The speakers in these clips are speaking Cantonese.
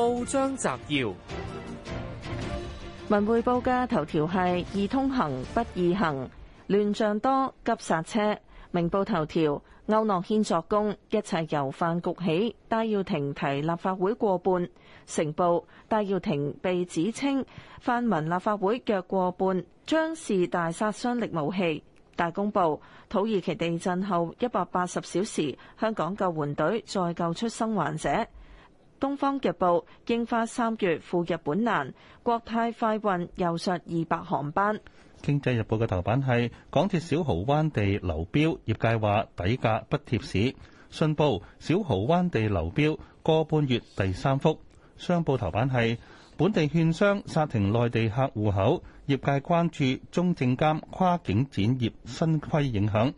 報章摘要：文匯報嘅頭條係“易通行不易行，亂象多急剎車”。明報頭條：區諾軒作供，一切由飯局起。戴耀廷提立法會過半。成報：戴耀廷被指稱泛民立法會若過半，將是大殺傷力武器。大公報：土耳其地震後一百八十小時，香港救援隊再救出生還者。《東方日報》櫻花三月赴日本難，《國泰快運》又削二百航班。《經濟日報》嘅頭版係港鐵小蠔灣地流標，業界話底價不貼市。信報小蠔灣地流標個半月第三幅。商報頭版係本地券商煞停內地客戶口，業界關注中證監跨境展業新規影響。《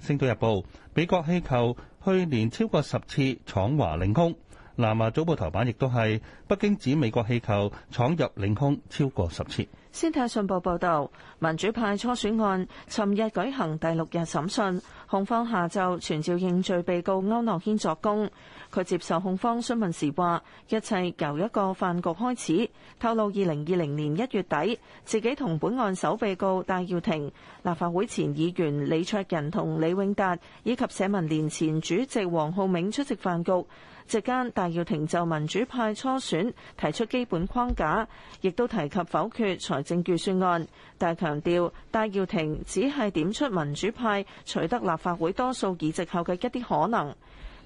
星島日報》美國氣球去年超過十次闖華領空。南華早報頭版亦都係北京指美國氣球闖入領空超過十次。先睇信報報道，民主派初選案尋日舉行第六日審訊，控方下晝傳召認罪被告區諾軒作供。佢接受控方詢問時話：一切由一個飯局開始，透露二零二零年一月底自己同本案首被告戴耀廷、立法會前議員李卓人同李永達以及社民連前主席黃浩銘出席飯局。席間，戴耀廷就民主派初選提出基本框架，亦都提及否決財政預算案，但強調戴耀廷只係點出民主派取得立法會多數議席後嘅一啲可能。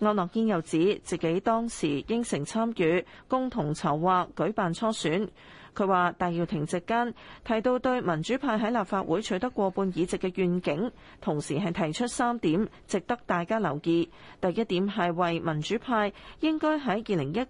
歐樂堅又指自己當時應承參與共同籌劃舉辦初選。佢話戴耀廷席間提到對民主派喺立法會取得過半議席嘅願景，同時係提出三點值得大家留意。第一點係為民主派應該喺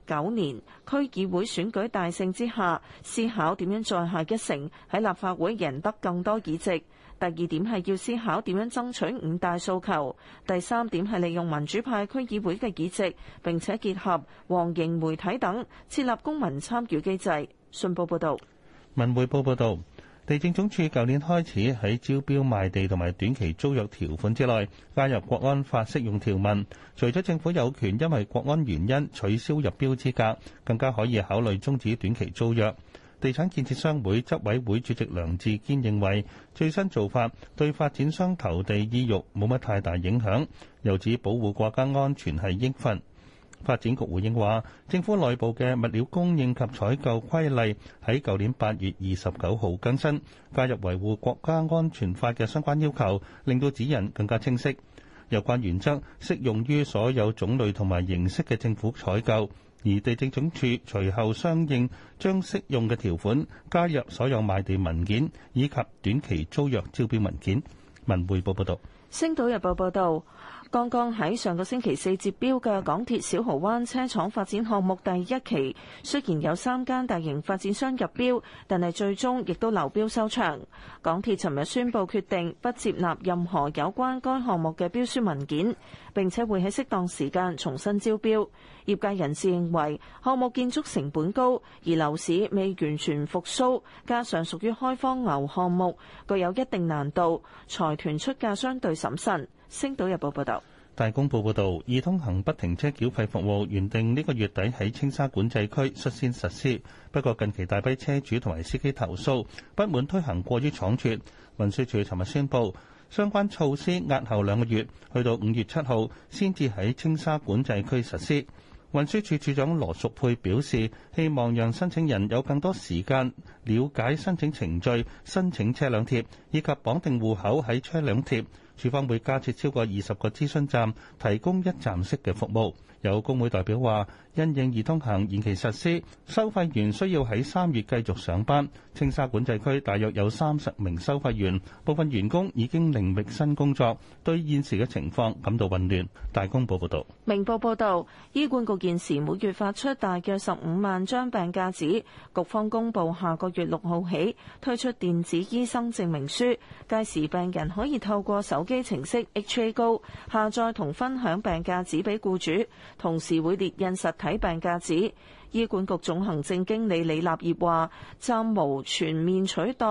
2019年區議會選舉大勝之下，思考點樣再下一城喺立法會贏得更多議席。第二點係要思考點樣爭取五大訴求。第三點係利用民主派區議會嘅議席，並且結合黃營媒體等，設立公民參與機制。信報報道：「文匯報報道，地政總署舊年開始喺招標賣地同埋短期租約條款之內加入國安法適用條文，除咗政府有權因為國安原因取消入標資格，更加可以考慮終止短期租約。地產建設商會執委會主席梁志堅認為，最新做法對發展商投地意欲冇乜太大影響，由此保護國家安全係應份。發展局回應話，政府內部嘅物料供應及採購規例喺舊年八月二十九號更新，加入維護國家安全法嘅相關要求，令到指引更加清晰。有關原則適用於所有種類同埋形式嘅政府採購。而地政總署隨後相應將適用嘅條款加入所有賣地文件，以及短期租約招標文件。文匯報報道。《星島日報》報道。剛剛喺上個星期四接標嘅港鐵小蠔灣車廠發展項目第一期，雖然有三間大型發展商入標，但係最終亦都流標收場。港鐵尋日宣布決定不接納任何有關該項目嘅標書文件，並且會喺適當時間重新招標。業界人士認為項目建築成本高，而樓市未完全復甦，加上屬於開荒牛項目，具有一定難度，財團出價相對審慎。星島日報報道，大公報報道，易通行不停車繳費服務原定呢個月底喺青沙管制區率先實施，不過近期大批車主同埋司機投訴，不滿推行過於倉促，運輸署尋日宣布相關措施押後兩個月，去到五月七號先至喺青沙管制區實施。運輸署署長羅淑佩表示，希望讓申請人有更多時間了解申請程序、申請車輛貼以及綁定戶口喺車輛貼。署方會加設超過二十個諮詢站，提供一站式嘅服務。有工會代表話：因應易通行延期實施，收費員需要喺三月繼續上班。青沙管制區大約有三十名收費員，部分員工已經另覓新工作，對現時嘅情況感到混亂。大公報報道：「明報報道，醫管局現時每月發出大約十五萬張病假紙，局方公佈下個月六號起推出電子醫生證明書，屆時病人可以透過手機程式 HA Go 下載同分享病假紙俾僱主。同時會列印實體病假紙，醫管局總行政經理李立業話暫無全面取代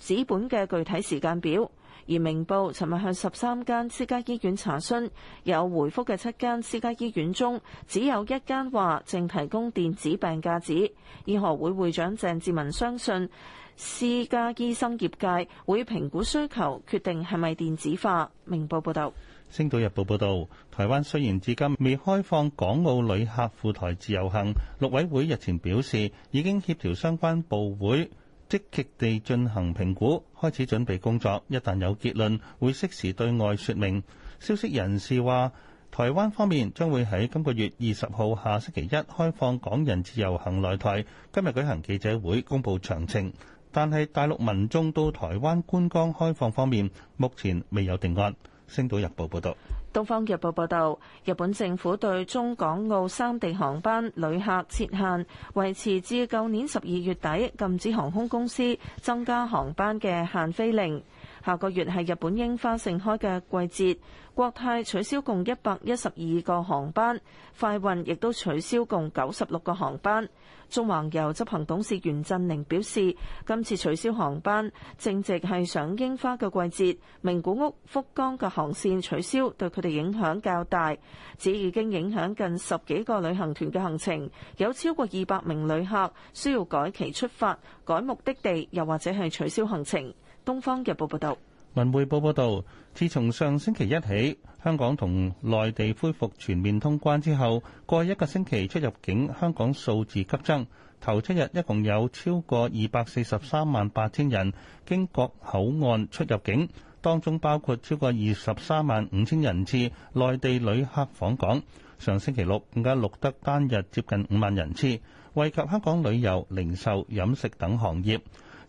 紙本嘅具體時間表。而明報尋日向十三間私家醫院查詢，有回覆嘅七間私家醫院中，只有一間話正提供電子病假紙，醫學會會長鄭志文相信，私家醫生業界會評估需求，決定係咪電子化。明報報道。星島日報報導，台灣雖然至今未開放港澳旅客赴台自由行，陸委會日前表示已經協調相關部會積極地進行評估，開始準備工作。一旦有結論，會適時對外說明。消息人士話，台灣方面將會喺今個月二十號下星期一開放港人自由行來台。今日舉行記者會公佈詳情，但係大陸民眾到台灣觀光開放方面，目前未有定案。星島日報報道，東方日報報道，日本政府對中港澳三地航班旅客設限，維持至舊年十二月底禁止航空公司增加航班嘅限飛令。下個月係日本櫻花盛開嘅季節，國泰取消共一百一十二個航班，快運亦都取消共九十六個航班。縱橫遊執行董事袁振寧表示，今次取消航班正值係賞櫻花嘅季節，名古屋、福岡嘅航線取消對佢哋影響較大，只已經影響近十幾個旅行團嘅行程，有超過二百名旅客需要改期出發、改目的地，又或者係取消行程。《東方日報報道文匯報》報道：自從上星期一起，香港同內地恢復全面通關之後，過一個星期出入境香港數字急增。頭七日一共有超過二百四十三萬八千人經各口岸出入境，當中包括超過二十三萬五千人次內地旅客訪港。上星期六更加錄得單日接近五萬人次，惠及香港旅遊、零售、飲食等行業。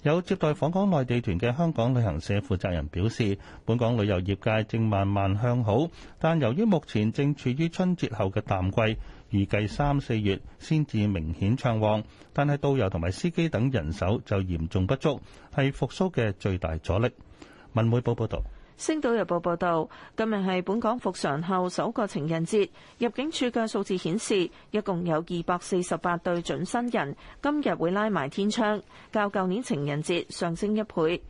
有接待訪港內地團嘅香港旅行社負責人表示，本港旅遊業界正慢慢向好，但由於目前正處於春節後嘅淡季，預計三四月先至明顯暢旺。但係導遊同埋司機等人手就嚴重不足，係復甦嘅最大阻力。文匯報報道。星島日報報道，今日係本港復常後首個情人節，入境處嘅數字顯示，一共有二百四十八對準新人，今日會拉埋天窗，較舊年情人節上升一倍。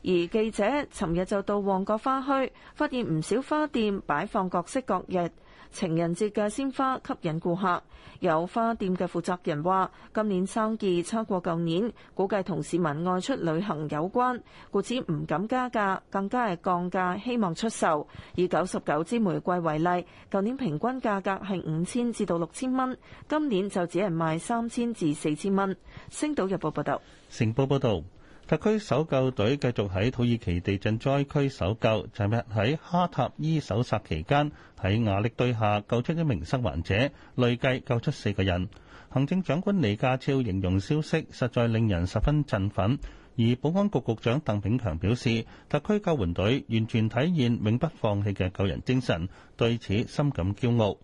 而記者尋日就到旺角花墟，發現唔少花店擺放各式各樣，情人節嘅鮮花吸引顧客，有花店嘅負責人話：今年生意差過舊年，估計同市民外出旅行有關。故此唔敢加價，更加係降價，希望出售。以九十九支玫瑰為例，舊年平均價格係五千至到六千蚊，今年就只係賣三千至四千蚊。星島日報報道。城特區搜救隊繼續喺土耳其地震災區搜救，尋日喺哈塔伊搜查期間，喺瓦礫堆下救出一名生還者，累計救出四個人。行政長官李家超形容消息實在令人十分振奮，而保安局局長鄧炳強表示，特區救援隊完全體現永不放棄嘅救人精神，對此深感驕傲。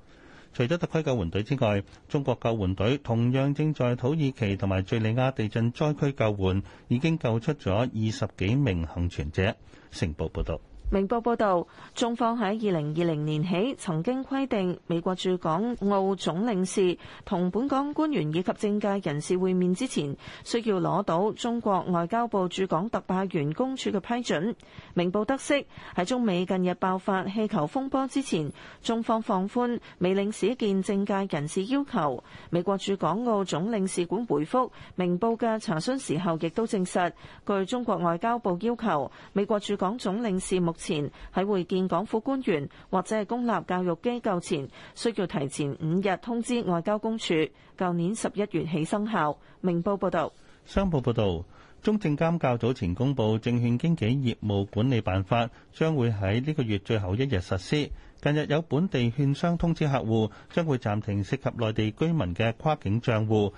除咗特區救援隊之外，中國救援隊同樣正在土耳其同埋敘利亞地震災區救援，已經救出咗二十幾名幸存者。《成報》報道。明報報道，中方喺2020年起曾經規定，美國駐港澳總領事同本港官員以及政界人士會面之前，需要攞到中國外交部駐港特派員公署嘅批准。明報得悉，喺中美近日爆發氣球風波之前，中方放寬美領事見政界人士要求。美國駐港澳總領事館回覆明報嘅查詢時候，亦都證實，據中國外交部要求，美國駐港總領事目前喺會見港府官員或者係公立教育機構前，需要提前五日通知外交公署。舊年十一月起生效。明報報道，商報報道，中證監較早前公布證券經紀業務管理辦法，將會喺呢個月最後一日實施。近日有本地券商通知客戶，將會暫停涉及內地居民嘅跨境賬戶。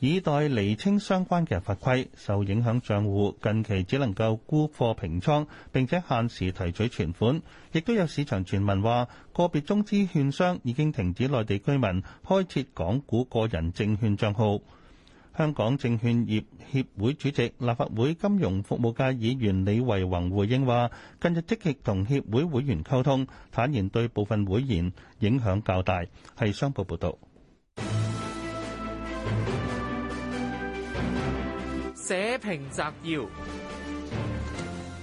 以待厘清相關嘅法規，受影響賬戶近期只能夠沽貨平倉，並且限時提取存款。亦都有市場傳聞話個別中資券商已經停止內地居民開設港股個人證券賬號。香港證券業協會主席、立法會金融服務界議員李惟宏回應話近日積極同協會會員溝通，坦言對部分會員影響較大。係商報報道。社評摘要：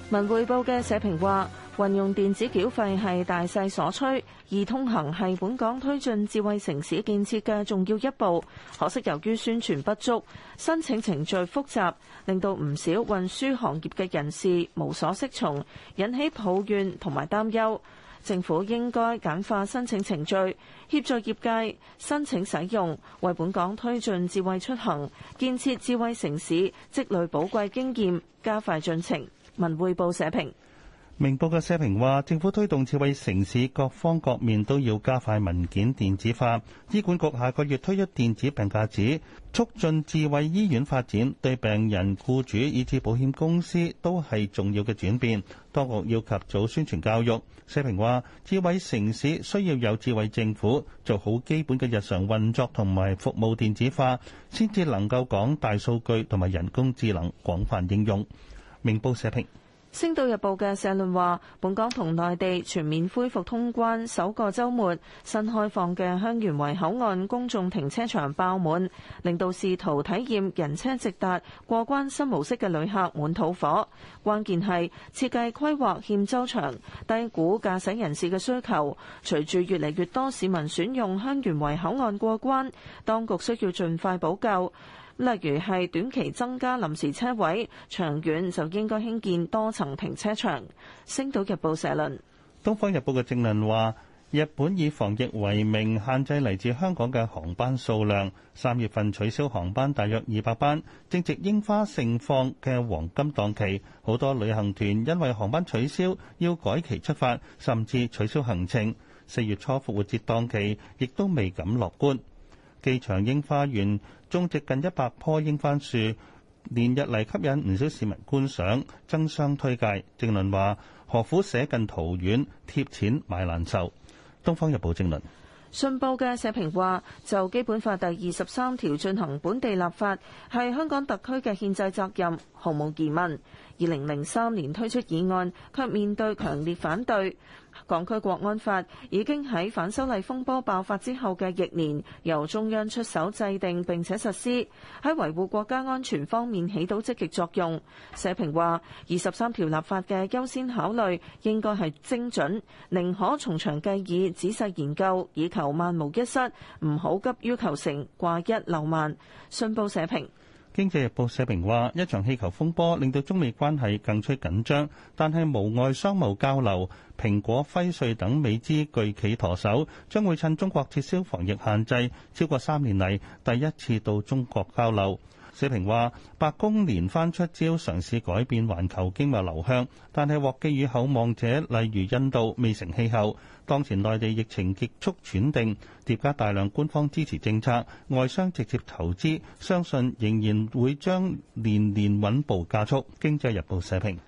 文匯報嘅社評話，運用電子繳費係大勢所趨，易通行係本港推進智慧城市建設嘅重要一步。可惜由於宣傳不足、申請程序複雜，令到唔少運輸行業嘅人士無所適從，引起抱怨同埋擔憂。政府應該簡化申請程序，協助業界申請使用，為本港推進智慧出行、建設智慧城市積累寶貴經驗，加快進程。文匯報社評。明報嘅社評話，政府推動智慧城市，各方各面都要加快文件電子化。醫管局下個月推出電子病假紙，促進智慧醫院發展，對病人、雇主以至保險公司都係重要嘅轉變。當局要及早宣傳教育。社評話，智慧城市需要有智慧政府做好基本嘅日常運作同埋服務電子化，先至能夠講大數據同埋人工智能廣泛應用。明報社評。星島日報嘅社論話，本港同內地全面恢復通關，首個週末，新開放嘅香園圍口岸公眾停車場爆滿，令到試圖體驗人車直達過關新模式嘅旅客滿肚火。關鍵係設計規劃欠周詳，低估駕駛人士嘅需求。隨住越嚟越多市民選用香園圍口岸過關，當局需要盡快補救。例如係短期增加臨時車位，長遠就應該興建多層停車場。星島日報社論，東方日報嘅評論話：日本以防疫為名限制嚟自香港嘅航班數量，三月份取消航班大約二百班，正值櫻花盛放嘅黃金檔期，好多旅行團因為航班取消要改期出發，甚至取消行程。四月初復活節檔期亦都未敢樂觀。機場櫻花園種植近一百棵櫻花樹，連日嚟吸引唔少市民觀賞，爭相推介。正論話：何苦捨近桃園貼錢買難受？東方日報正論，信報嘅社評話：就基本法第二十三條進行本地立法，係香港特區嘅憲制責任，毫無疑問。二零零三年推出議案，卻面對強烈反對，港區國安法已經喺反修例風波爆發之後嘅翌年，由中央出手制定並且實施，喺維護國家安全方面起到積極作用。社評話：二十三條立法嘅優先考慮應該係精準，寧可從長計議、仔細研究，以求萬無一失，唔好急於求成，掛一漏萬，信報社評。經濟日報社評話：一場氣球風波令到中美關係更趨緊張，但係無礙商務交流。蘋果、輝瑞等美資巨企舵手將會趁中國撤銷防疫限制，超過三年嚟第一次到中國交流。社評話：白宮連番出招，嘗試改變環球經貿流向，但係獲寄予厚望者，例如印度，未成氣候。當前內地疫情極速喘定，疊加大量官方支持政策，外商直接投資，相信仍然會將年年穩步加速。經濟日報社評。